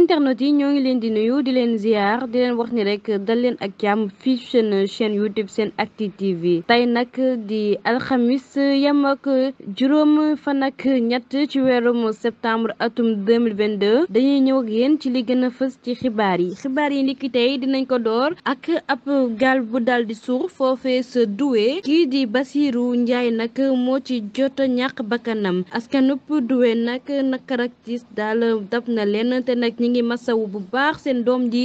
internet yi ñoo ngi leen di nuyu di leen ziar di leen wax ni rek dal leen ak jàmm fii seen chaîne YouTube seen acti yi tey nag di alxamis yem ak juróom fan nag ñett ci weerum septembre atum deux mille vingt deux dañuy ñëw ak yéen ci li gën a fës ci xibaar yi xibaar yi ndiki tey dinañ ko door ak ab gaal bu dal di suux foofee sa Doué kii di Basirou Ndiaye nag moo ci jot a bakkanam askanub Doué nag nakarak daal dab na leen te nag ngi masawu bu baax seen doom ji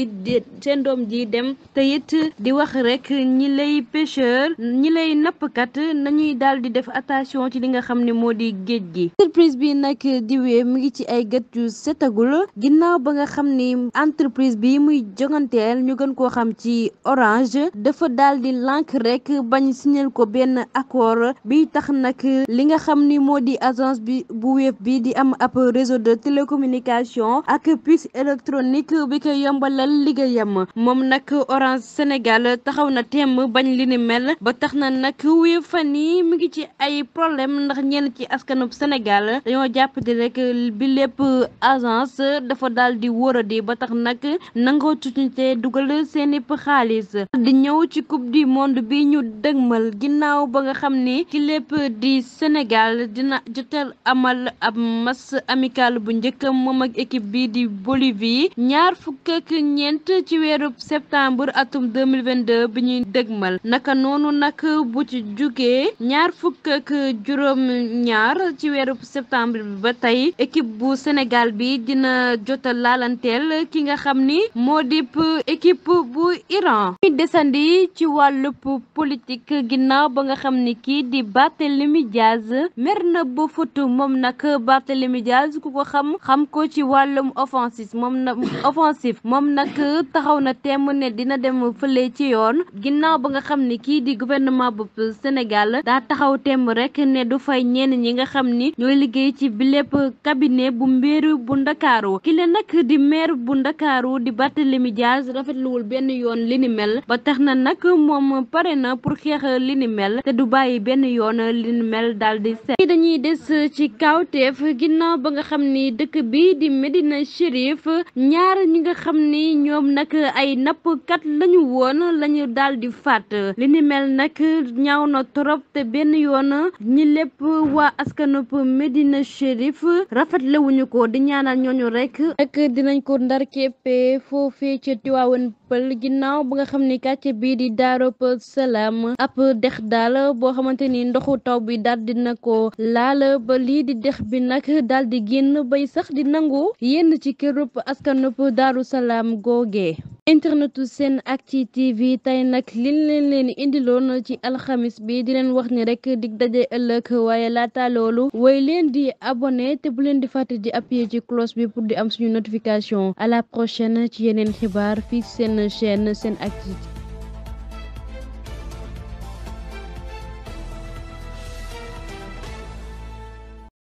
seen doom ji dem te it di wax rekk ñi lay pêcheur ñi lay nappkat nañuy daal di def attention ci li nga xam ne moo di géej gi entreprise bi nag diwee mu ngi ci ay gët yu setagul ginnaaw ba nga xam ni entreprise bi muy joganteel ñu gën koo xam ci orange dafa daal di lànk rek bañ signal ko benn accord bi tax nag li nga xam ni moo di agence bi bu wéef bi di am ab réseau de télécommunication ak puce commerce électronique bi ko yombalal liggéeyam moom nag Orange Sénégal taxaw na temm bañ li ni mel ba tax na nag wii fan yi mu ngi ci ay problème ndax ñenn ci askanub Sénégal dañoo jàppati rek bi lépp agence dafa daal di wóoradi ba tax nag nangoo tuñte dugal seeni xaalis di ñëw ci coupe du monde bi ñu dëgmal ginnaaw ba nga xam ni ci lépp di Sénégal dina jotal amal ab mas amical bu njëkk moom ak équipe bi di Bolivie ñaar fukk ak ñeent ci weeru septembre atum 2022 bi ñuy dëgmal naka noonu nag bu ci jugee ñaar fukk ak juróom ñaar ci weeru septembre bi ba tey équipe bu senegal bi dina jota laalanteel ki nga xam ni moo dip équipe bu Iran mi desandi ci wàllub politique ginnaaw ba nga xam ni kii di Barthélémy Diaz mer na ba futu moom nag Barthélémy Diaz ku ko xam xam ko ci wàllum offensive justice moom na offensive moom nag taxaw na temm ne dina dem fële ci yoon ginnaaw ba nga xam ni kii di guvernement bu Sénégal daa taxaw temm rek ne du fay ñenn ñi nga xam ni ñooy liggéey ci bi lépp cabinet bu mbiru bu ndakaaru ki nag di mer bu ndakaaru di Barthélémy Dias rafetluwul benn yoon li ni mel ba tax na nag moom pare na pour xeex li ni mel te du bàyyi benn yoon li ni mel daal di seet dañuy des ci kawteef ginnaaw ba nga xam ni dëkk bi di Medina Chérif Pastef ñaar ñi nga xam ni ñoom nag ay nappkat lañu woon lañu daal di faat li ni mel nag ñaaw na trop te benn yoon ñi lépp waa askanub Médina Chérif rafetlewuñu ko di ñaanal ñooñu rek ak dinañ ko ndar képpee foofee ca Tiwaawan pël ginnaaw ba nga xam ni quartier bii di Daaru Salaam ab dex daal boo xamante ni ndoxu taw bi daldi na ko laal ba lii di dex bi nag daal di génn bay sax di nangu yenn ci kërub askanub Daaru Salaam googee internetu seen acti tv tey nag li leen leen indiloon ci alxamis bi di leen wax ni rek di daje ëllëg waaye laata loolu woy leen di abonne te bu leen di fàtte di appuyer ci cloche bi pour di am suñu notification à la prochaine ci yeneen xibaar fii seen chaîne seen acti